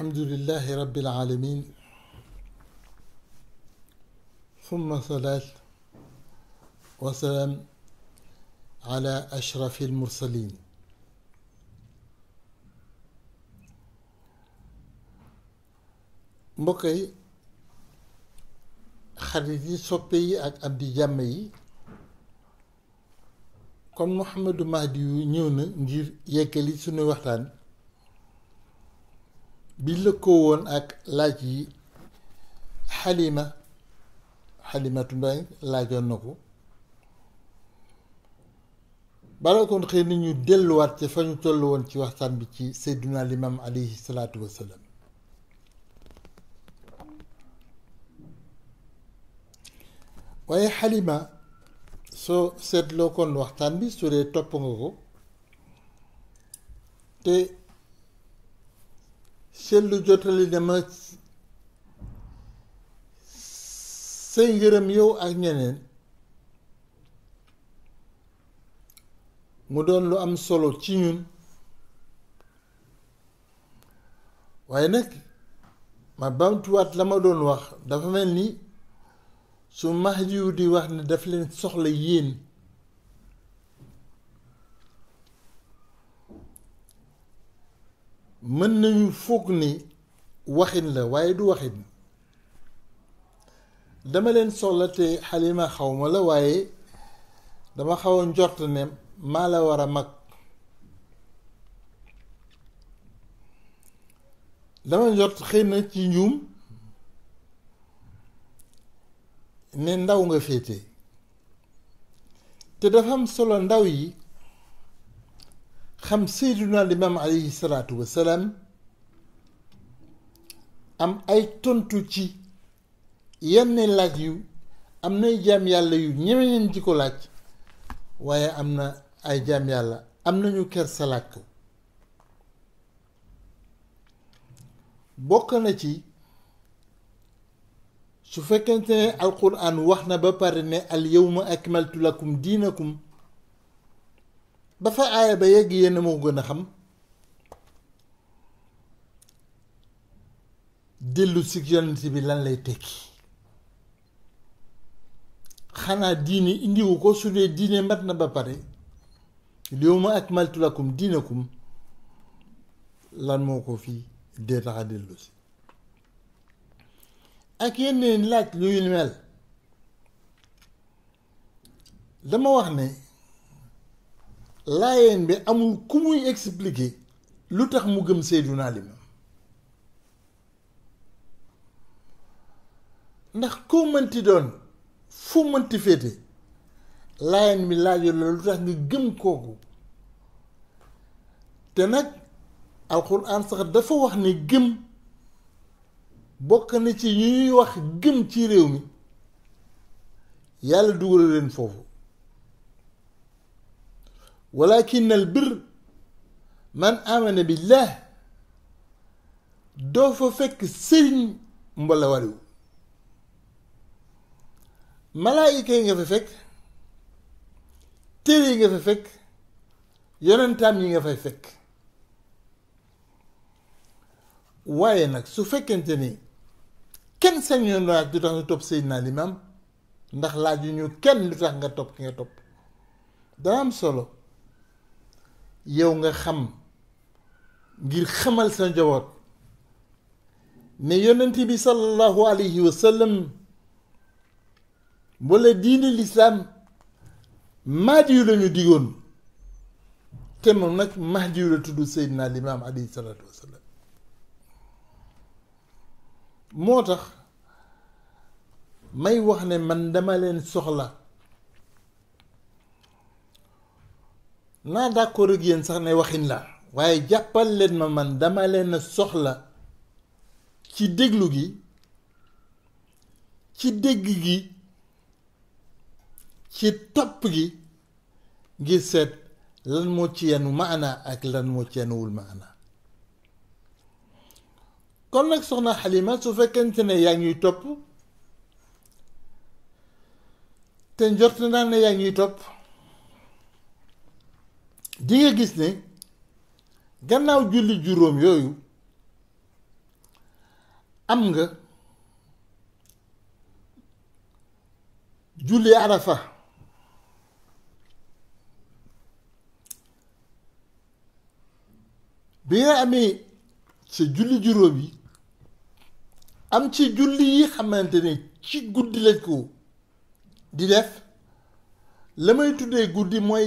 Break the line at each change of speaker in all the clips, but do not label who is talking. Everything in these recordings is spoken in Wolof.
الحمد لله رب العالمين ثم صلاة وسلام على أشرف المرسلين مكي خريجي صبي أك أبدي جامعي كم محمد مهدي نيون نجير يكلي سنو bi lëkkoo woon ak laaj yi xalima xalimatu ndoy laajoon na ko balaa kon xëy na ñu delluwaat ca fa ñu toll woon ci waxtaan bi ci seyduna limaam alayhi salaatu wassalaam waaye xalima soo seetloo kon waxtaan bi su dee topp nga ko te seetlu jotali dama say ngërëm yow ak ñeneen mu doon lu am solo ci ñun waaye nag ma bantuwaat la ma doon wax dafa mel ni su Mahdi yu di wax ne daf leen soxla yéen mën nañu foog ni waxin la waaye du waxin dama leen soxla te xalima xaw ma la waaye dama xaw a njort ne maa la war a mag dama njort xëy na ci njuum ne ndaw nga féete te dafa solo ndaw yi xam seyduna limaam alayhi salaatu wasalaam am ay tontu ci yenn laaj yu am nay jaam yàlla yu ñeme neen ji ko laaj waaye am na ay jaam yàlla am nañu ker sa laaj ko bokk na ci su fekkente ne alquran wax na ba pare ne al yawma akmaltu lakum diinakum ba fa aaya ba yegg yéen moo gën a xam dellu si yonent bi lan lay tekki xanaa diine indiwu ko su dee diine mat na ba pare liyawma akmaltu lakum diinakum lan moo ko fii dee tax a dellu si ak yeneen laaj luy mel dama wax ne layen bi amul ku muy expliquer lu tax mu gëm Seydunaa Limaam ndax koo mënti doon fu mënti féete layen bi laajul la lu tax nga gëm kooku te nag alxuraan sax dafa wax ni gëm bokk na ci ñuy wax gëm ci réew mi yàlla dugal leen foofu walakin al bir man amana billah doo fa fekk sëriñ mbola wariw malaayika yi nga fa fekk téere yi nga fa fekk yonentaam yi nga fay fekk waaye nag su fekkente ni kenn sañ yoon laaj du tax nga topp Seydina Limaam ndax laaj yu ñu kenn du tax nga topp ki nga topp dana am solo yow nga xam ngir xamal sa njaboot ne yonenti bi sallallahu alayhi wa sallam wala diine lislaam mahdi yu lañu digoon te moom nag mahdi yu la tudd Seydina Limaam alayhi wa sallam moo tax may wax ne man dama leen soxla naa d'accord ak yéen sax ne waxin la waaye jàppal leen ma man dama leen soxla ci déglu gi ci dégg gi ci topp gi ngir seet lan moo ci yenu maana ak lan moo ci yenuwul maana kon nag soxna Xalima su fekkente ne yaa ngi topp te njort naa ne yaa ngi topp di nga gis ne gannaaw julli juróom yooyu am nga julli arafa bi nga amee sa julli juróom yi am ci julli yi xamante ne ci guddi lañ ko di def la may tuddee guddi mooy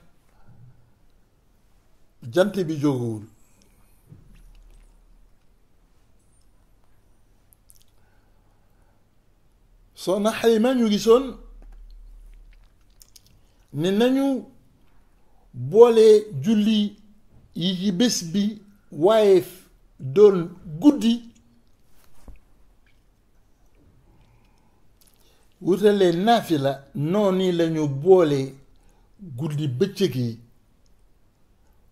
jant bi jóguwul soo na xayma ñu gisoon ne nañu boole julli yi ci bés bi waaye doon guddi wutale naafila noonu lañu boole guddi bëccëg yi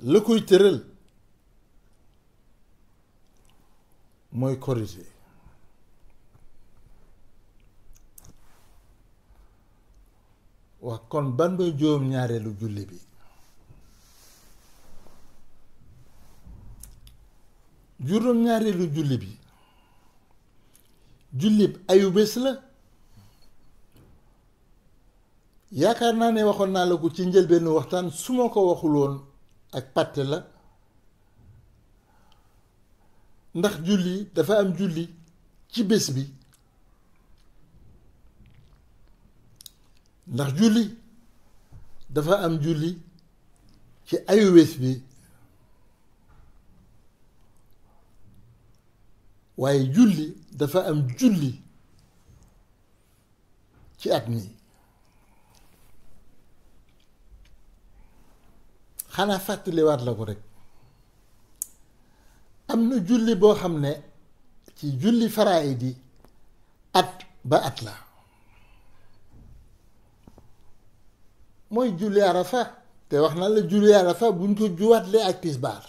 la koy tëral mooy korite wax kon ban mooy juróom ñaareelu julli bi juróom julli bi ayu bés la yaakaar naa ne waxoon naa la ko ci njëlbeenu waxtaan su ma ko waxul woon ak pàtte la ndax julli dafa am julli ci bés bi ndax julli dafa am julli ci ayu bés bi waaye julli dafa am julli ci at mi xana fàttaliwaat la ko rek am na julli boo xam ne ci julli faraayid yi at ba at la mooy julli arafa te wax na la julli arafa buñ ko juwaatlee ak tisbaar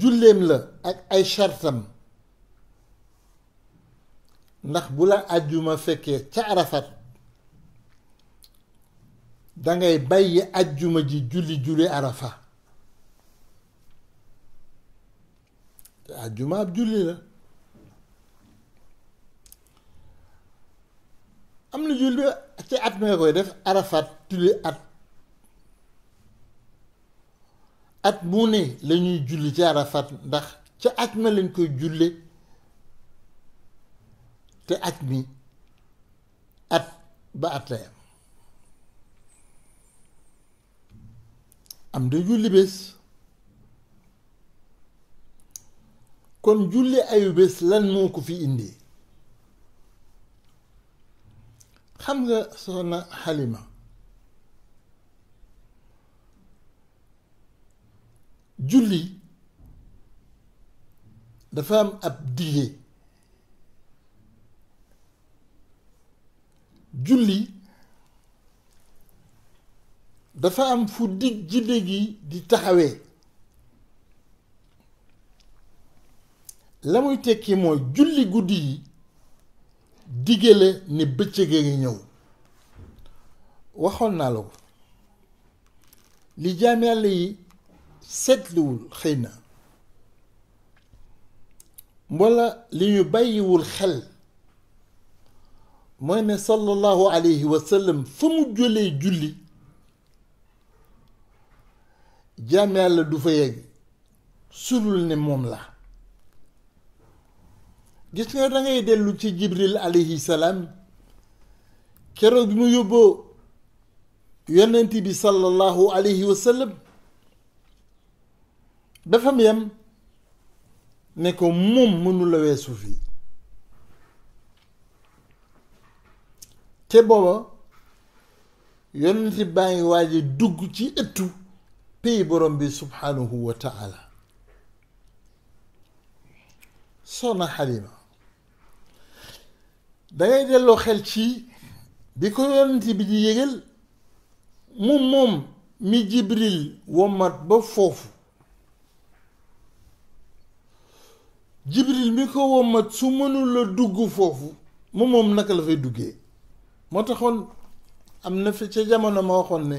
julleem la ak ay shartam ndax bu la àjjuma fekkee ca arafat dangay bàyyi ajjuma ji julli julli arafa te ajjuma ab julli la am na julli ci at mi koy def arafat julli at at mu ne la ñuy julli ci arafat ndax ca at ma lañ koy julle te at mi at ba at la yam am de julli bés kon julli ayu bés lan moo ko fi indi xam nga soxna Halima julli dafa am ab dige julli dafa am fu dig jidde gi di taxawee la muy tekki mooy julli guddi yi digge la ne bëccëg a ngi ñëw waxoon naa la ko li jaam yi seetluwul xëy na wala li ñu bàyyiwul xel mooy ne sallallahu alayhi wa sallam fa mu jëlee julli jaam yàlla du fa yegg sulul ne moom la gis nga dangay dellu ci jibril alayhi salaam keroog bi mu yóbboo yonent bi sallallahu alayhi wa dafa mu yem ne ko moom mënula weesu fii te booba yonent baa ngi waaj dugg ci ëttu borom bi subhanahu wa taala sona halima dangay delloo xel ci bi ko yonent bi di yëgal moom moom mi jibril womat ba foofu jibril mi ko womat su mënul la dugg foofu moom moom naka la fay duggee moo taxoon am na fi ca jamono ma waxoon ne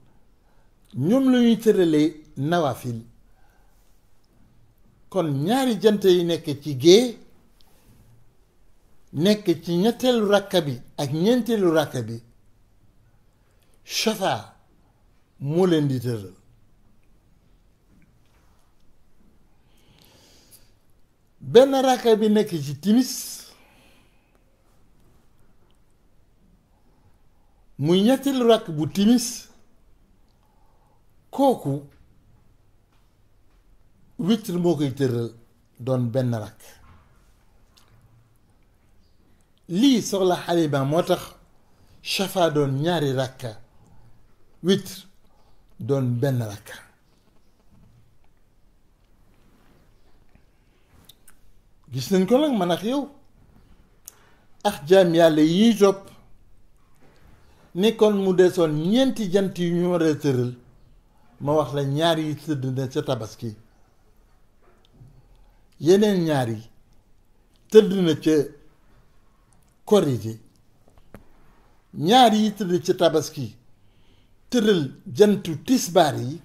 ñoom la ñuy tëralee nawafil kon ñaari jant yi nekk ci gée nekk ci ñetteelu ràkka bi ak ñeenteelu ràkka bi shafa moo leen di tëral benn ràkka bi nekk ci timis muy ñetteelu ràkk bu timis kooku witr moo koy tëral doon benn rakk lii soxla xalima moo tax shafa doon ñaari rakka witr doon benn rakka gis nañ ko nag man ak yow ak jaam yàlla yi ñuy topp nekkoon mu desoon ñeenti jant yu ñu war a tëral ma wax la ñaar yi tëdd na ca tabaski yeneen ñaar yi tëdd na ca korite ñaar yi tëdd ca tabaski tëral jantu tisbaar yi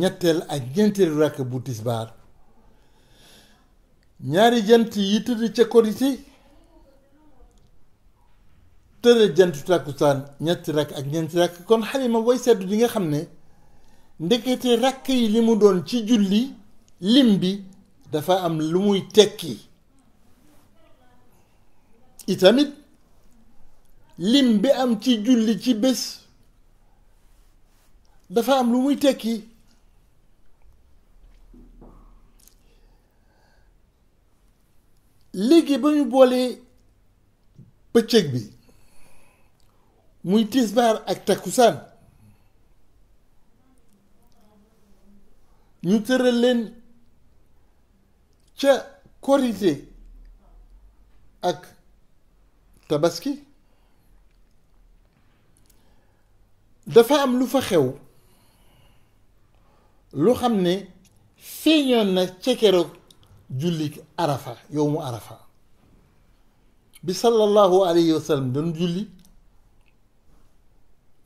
ñetteel ak ñeenteelu rakk bu tisbaar ñaari jant yi tëdd ca korite tëral jantu tàkkusaan ñetti rakk ak ñeenti rakk kon xalima woy sedd di nga xam ne Ndek ete rakke li moudon chi julli, limbi dafa am lounmoui teki. Itanid, limbi am chi julli chi bes, dafa am lounmoui teki. Ligi bon yu bole, pechek bi, moui tisbar ak takusan, ñu tëral leen ca korite ak tabaski dafa am lu fa xew lu xam ne feeñoon na ca keroog arafa yowmu arafa bi sallallahu alayhi wa sallam doon julli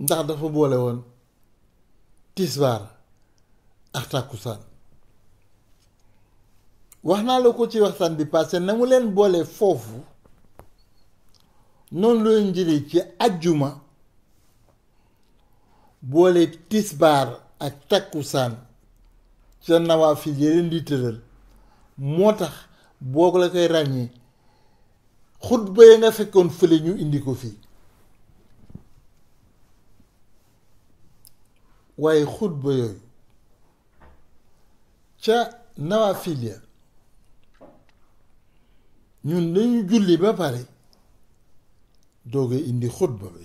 ndax dafa boole woon tisbaar ak tàkkusaan wax naa la ko ci waxtaan bi passé na mu leen boole foofu noonu looy njëriñ ci ajjuma boole tisbaar ak takkusaan ca nawaafil yeneen di tëral moo tax boo la koy ràññee xutba ya nga fekkoon fële ñu indi ko fii waaye xutba yooyu nawaafil ya ñun dañu julli ba pare doog a indi xutba bi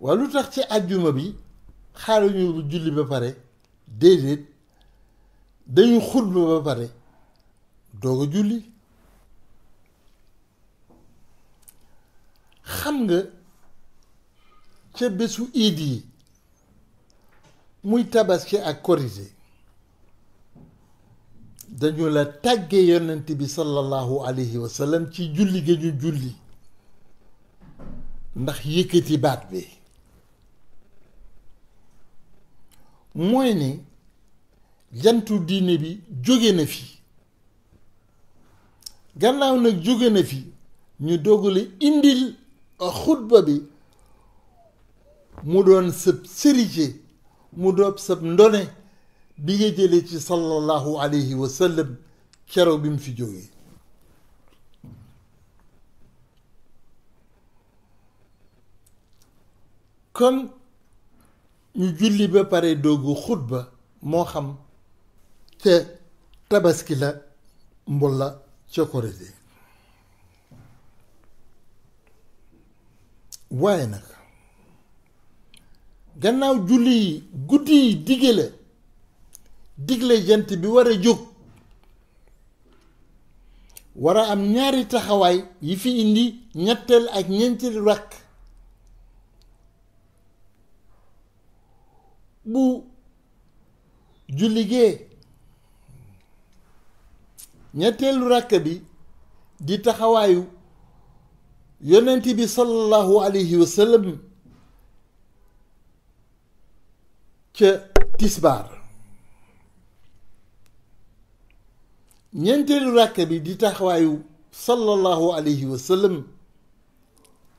waaye lu tax ci àjjuma bi xaaruñu julli ba pare déedéet dañu xutba ba pare doog a julli xam nga ca bésu iid yi muy tabaski ak korité dañu la tàggee yonent bi sallallahu alayhi wa ci julli gi ñu julli ndax yëkkati baat bi mooy ni jantu diine bi jóge na fi gannaaw nag jóge na fi ñu dogale indil xutba bi mu doon sëb sërije mu doob sab ndone bi nga jëlee ci sallallahu alayhi wa sallam keroog bi mu fi jógee kon ñu julli ba pare doogu xutba moo xam ca tabaski la mbolla la korite waaye nag gannaaw julli yi guddi yi dige la jant bi war a jóg war a am ñaari taxawaay yi fi indi ñetteel ak ñeenti rakk bu julli gee ñetteelu rakk bi di taxawaayu yonent bi sallallahu alayhi wa ca tisbaar ñeenteelu ràkk bi di taxawaayu sallallahu alayhi wa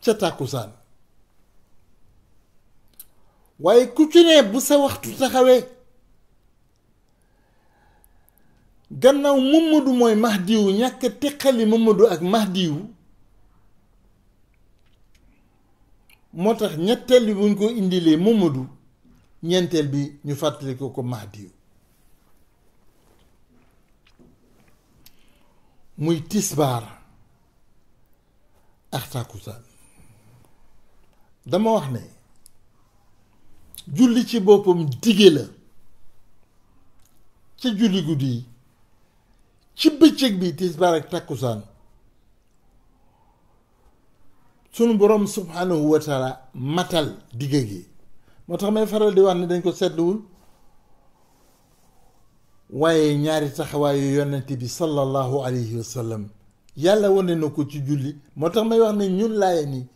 ca tàkkusaan waaye ku ci ne bu sa waxtu taxawee gannaaw Mamadu mooy Mahdiwu ñàkk teqali Mamadu ak Mahdiwu moo tax ñetteeli buñ ko indilee Mamadu ñenteel bi ñu fàttali ko ko muy tisbaar ak tàkkusaan dama wax ne julli ci boppam dige la ca julli guddi yi ci bëccëg bi tisbaar ak tàkkusaan sunu boroom subhanahu wa taala matal dige gi moo tax may faral di wax ne dañ ko seetluwul waaye ñaari yu yonent bi sallallahu alayhi wa sallam yàlla wane na ko ci julli moo tax may wax ne ñun laaya ni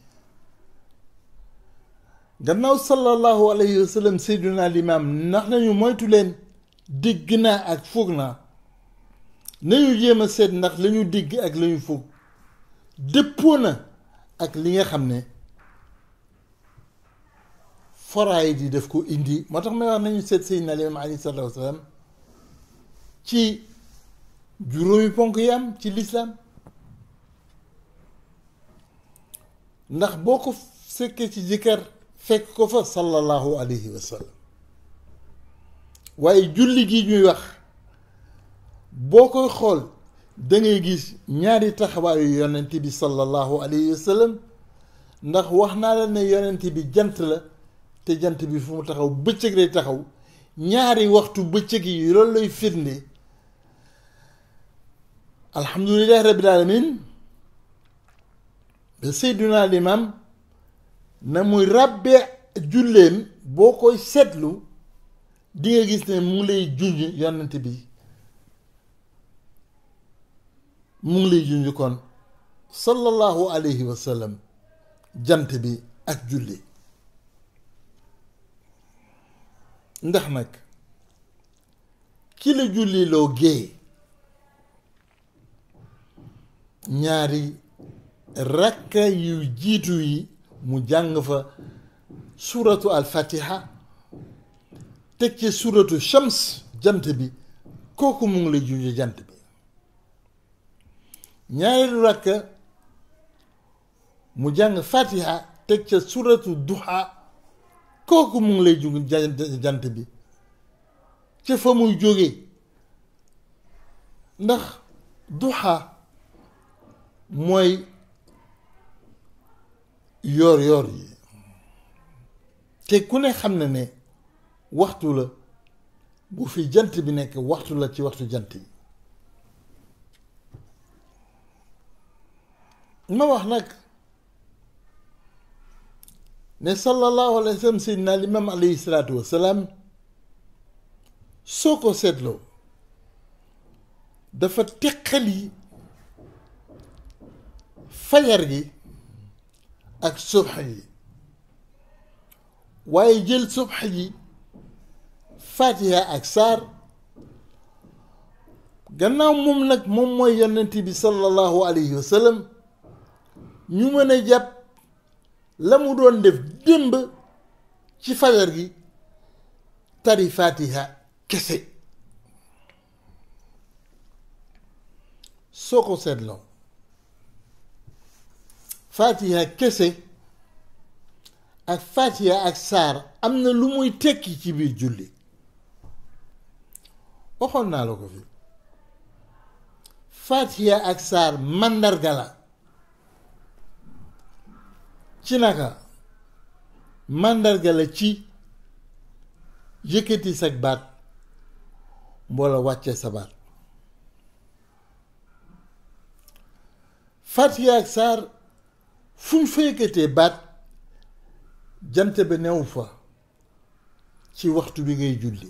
gannaaw sallallahu alayhi wa sallam seyduna limaam nax nañu moytu leen dégg naa ak foog naa nañu jéem a seet ndax lañu dégg ak lañu foog dëppoo na ak li nga xam ne foraay di def ko indi moo tax may wax nañu seet Seydina Limaamu alayhi salaatu wa salaam ci juróomi ponk yi am ci lislaam ndax boo ko fekkee ci jëkkër fekk ko fa sallallahu alayhi wa sallam waaye julli gi ñuy wax boo koy xool da ngay gis ñaari taxawaayu yonent bi sallallahu alayhi wa sallam ndax wax naa la ne yonent bi jant la te jant bi fu mu taxaw bëccëg lay taxaw ñaari waxtu bëccëg yi loolu lay firnde alhamdulilah rabbil alamin ba seyduna limam na muy ràbbe julleem boo koy seetlu di nga gis ne mu ngi lay junj yonent bi mu ngi lay junj kon sallallahu alayhi wa sallam jant bi ak julli ndax nag ki la loo géey ñaari rakka yu jiitu yi mu jàng fa suuratu alfatiha teg ci suratu shams jant bi kooku mu ngi lay junj jant bi ñaari rakka mu jàng fatiha teg ca suratu duha kooku mu ngi lay jung jant bi ci fa muy jógee ndax duxa mooy yoor yoor yi te ku ne xam na ne waxtu la bu fi jant bi nekk waxtu la ci waxtu jant yi ma wax nag ne sallallahu alayhi wa sallam na limam alayhi salaatu wasalaam soo ko seetloo dafa tekkali fajar gi ak subx yi waaye jël subx yi faatiha ak sar gannaaw moom nag moom mooy yonent bi sallallahu alayhi wa sallam ñu mën a jàpp la mu doon def démb ci fajar gi tari fatiha kese soo ko seetloo fatiha kese ak fatiha ak saar am na lu muy tekki ci biir julli waxoon naa la ko fi fatiha ak saar màndarga la ci naka màndarga ci yëkkati sag baat mboola wàcce sa baat Fatiha ak saar fu ñu fa yëkkatee baat jant bi newu fa ci waxtu bi ngay julli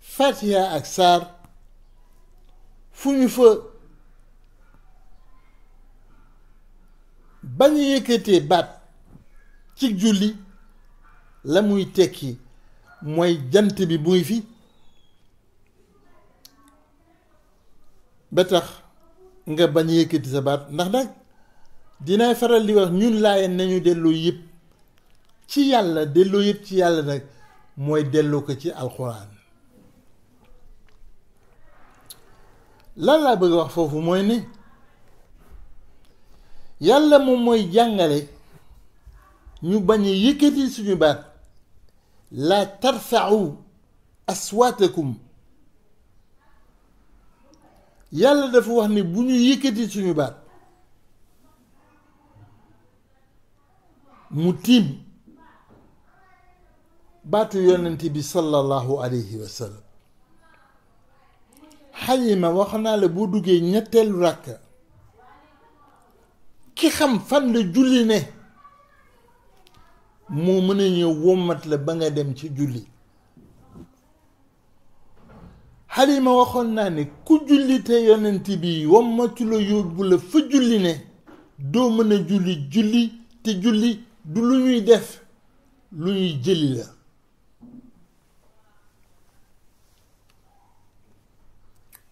Fatiha ak saar fu ñu fa bañ a yëkkatee baat ci julli la muy tekki mooy jant bi buy fi ba tax nga bañ a yëkkati sa baat ndax nag dinaay faral di wax ñun laayeen nañu delloo yëpp ci yàlla delloo yëpp ci yàlla nag mooy delloo ko ci alxuraan lan laa bëgg wax foofu mooy ne yàlla moom mooy jàngale ñu bañ a yëkkati suñu baat laa tarfau aswaatakum yàlla dafa wax ni bu ñu yëkkati suñu baat mu tiim baatu yonent bi sallallahu alayhi wa sallam xalima wax naa la boo duggee ñetteelu ràkka ki xam fan la julli ne moo mën a ñëw wommat la ba nga dem ci julli xalima waxoon naa ne ku julli te yonent bi wommatu la yóbbu la fa julli ne doo mën a julli julli te julli du lu ñuy def lu ñuy jëli la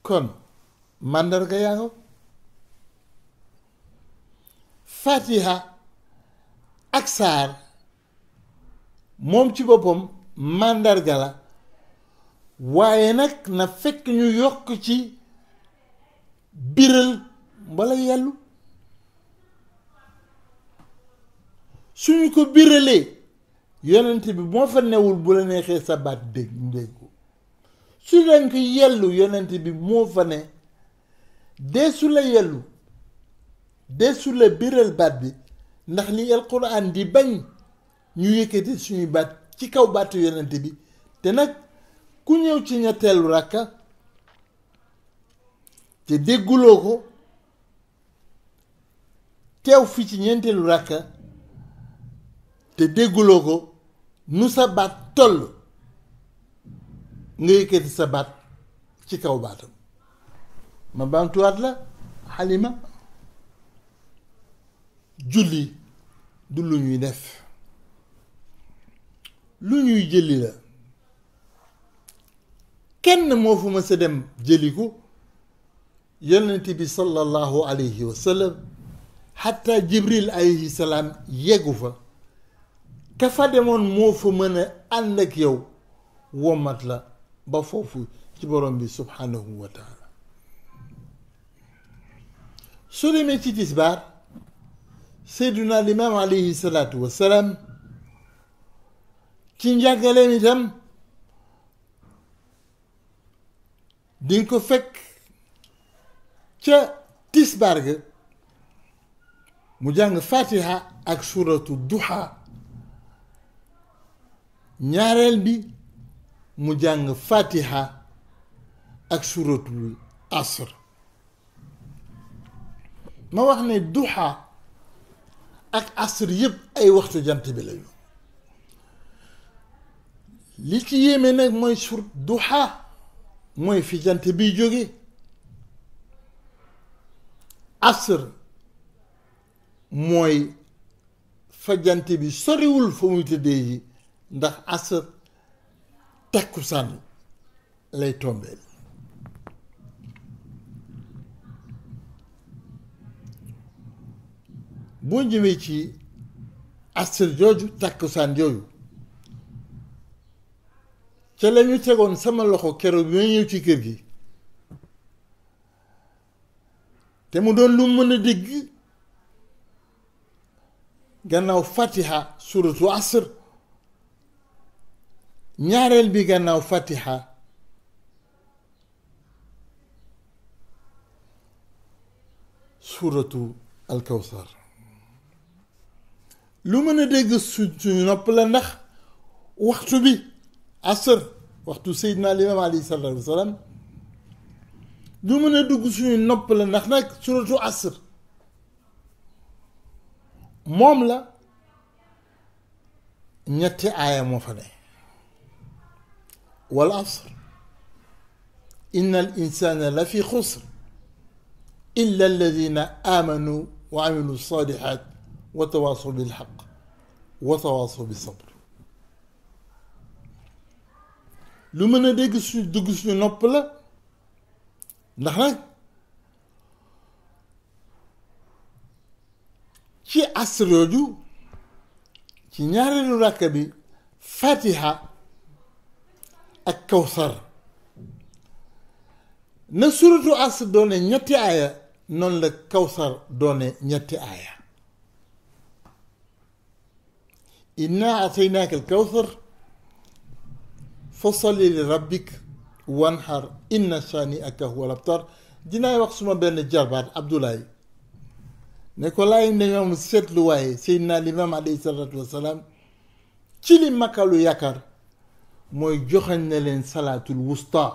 kon màndarga yaa fatiha ak saar moom ci boppam màndarga la waaye nag na fekk ñu yokk ci biral wala yellu suñu ko biralee yonent bi moo fa newul bu la neexee sa baat dégg su dañ yellu yonent bi moo fa ne dee su la yellu deesu la biral baat bi ndax li alquran di bañ ñu yëkkati suñuy baat ci kaw baatu yonent bi te nag ku ñëw ci ñetteelu ràkka te dégguloo ko teew fi ci ñeenteelu ràkka te dégguloo ko nu sa baat toll nga yëkkati sa baat ci kaw baatam ma baamtuwaat la xalima julli du lu ñuy def lu ñuy jëli la kenn moo fu ma sa dem jëli ko yonent bi sallallahu alayhi wa sallam xatta jibril alayhi salaam yeggu fa ka fa demoon moo fa mën ànd ak yow womat la ba foofu ci borom bi subhanahu wa su demee ci tisbaar سيدنا الإمام عليه الصلاة والسلام تنجا كلامي تم دينكو فك تا تسبارك مجان فاتحة اك سورة الدوحة نيارل بي مجان فاتحة اك سورة الأصر ما وحنا الدوحة ak asr yëpp ay waxtu jant bi lañu li ci yéeme nag mooy sur duha mooy fi jant bi jóge asr mooy fa jant bi soriwul fa muy tëddee yi ndax asr takkusaan lay tombeel boo ñëwee ci astir jooju tàkkusaan jooju ca la ñu tegoon sama loxo keroog bi ma ñëw ci kër gi te mu doon lu mën a dégg gannaaw fatiha suratu asr ñaareel bi gannaaw fatiha suuratu alkawsar lu mën a dégg su suñu nopp la ndax waxtu bi asr waxtu seydina limaam alayhi salaatu wasalaam lu mën a dugg suñu nopp la ndax nag suratu asr moom la ñetti aaya moo fa ne wal asr inna al insana la fi xusr illa alladina amanu wa amilu salihat وتواصوا بالحق وتواصوا بالصبر لو من ديك سوني دوك سوني نوب لا نخنا تي اسرودو تي نياري لو راكبي فاتحه الكوثر نسورتو اسدوني نياتي ايا نون لا كوثر دوني نياتي إنا أعطيناك الكوثر فصل لربك وانحر إن شانئك هو الأبتر دينا يقسم بين الجربات عبد الله نيكولاي نيوم سيد لواي سيدنا الإمام عليه الصلاة والسلام تشيلي مكالو يكر موي جوخن نلين صلاة الوسطى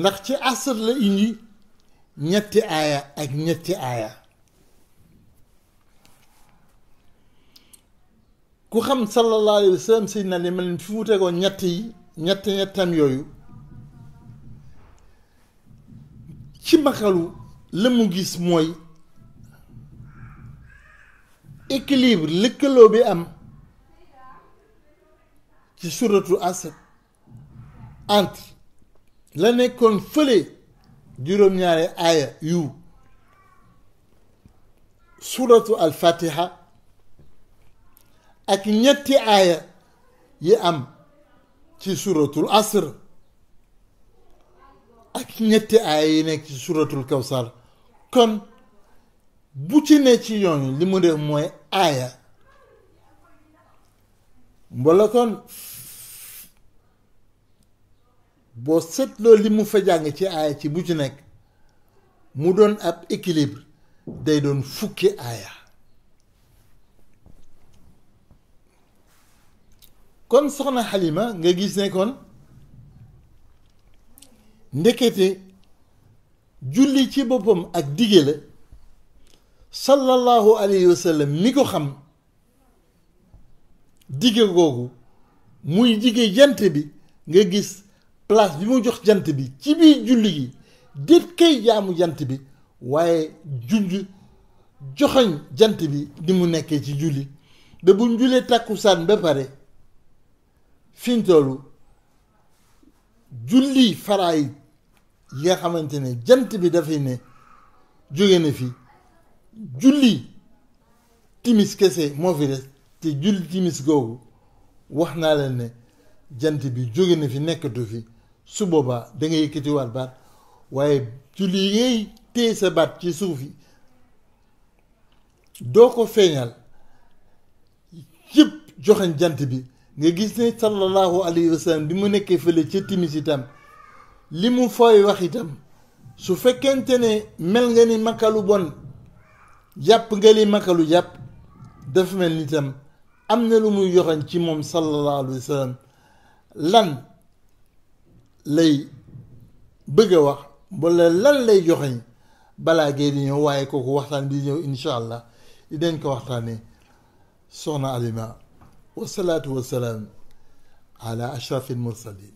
ndax ci asr la indi ñetti aya ak ku xam sallallahu alayhi wa sallam si na li man fi mu tegoo ñett yi ñett ñettam yooyu ci makalu la mu gis mooy équilibre lëkkaloo bi am ci suratu asad entre la nekkoon fële juróom-ñaari aaya yu suratu al fatiha ak ñetti aaya yi am ci suratul asr ak ñetti aaya yi nekk ci suratul kawsar kon bu ci ne ci yoon li mu def mooy aaya mbala kon boo seetloo li mu fa jàng ci aaya ci bu ci nekk mu doon ab équilibre day doon fukki aaya kon soxna Halima nga gis ne kon ndekete julli ci boppam ak dige la sallallahu alayhi wa sallam mi ko xam dige googu muy dige jant bi nga gis place bi mu jox jant bi ci biir julli gi déet kay jaamu jant bi waaye junj joxoñ jant bi ni mu nekkee ci julli ba bu ñu julee tàkkusaan ba pare fi ñu julli faraay yi nga xamante ne jant bi dafay ne jóge na fi julli timis kese moo fi des te julli timis googu wax naa leen ne jant bi jóge na fi nekkatu fi su boobaa da nga yëkkatiwaat baat waaye julli yi ngay téye sa baat ci suuf yi doo ko feeñal yëpp joxañ jant bi nga gis ne sallallahu alayhi wa bi mu nekkee fële ca timis itam li mu fooy wax itam su fekkente ne mel nga ni makalu bon jàpp nga li makalu jàpp dafa mel ni am na lu muy yoxan ci moom sallallahu alayhi wa lan lay bëgg a wax wala lan lay joxeñ balaa gee di ñëw waaye kooku waxtaan bi di ñëw incha allah dañ ko waxtaanee soxna Alima والصلاة والسلام على أشرف المرسلين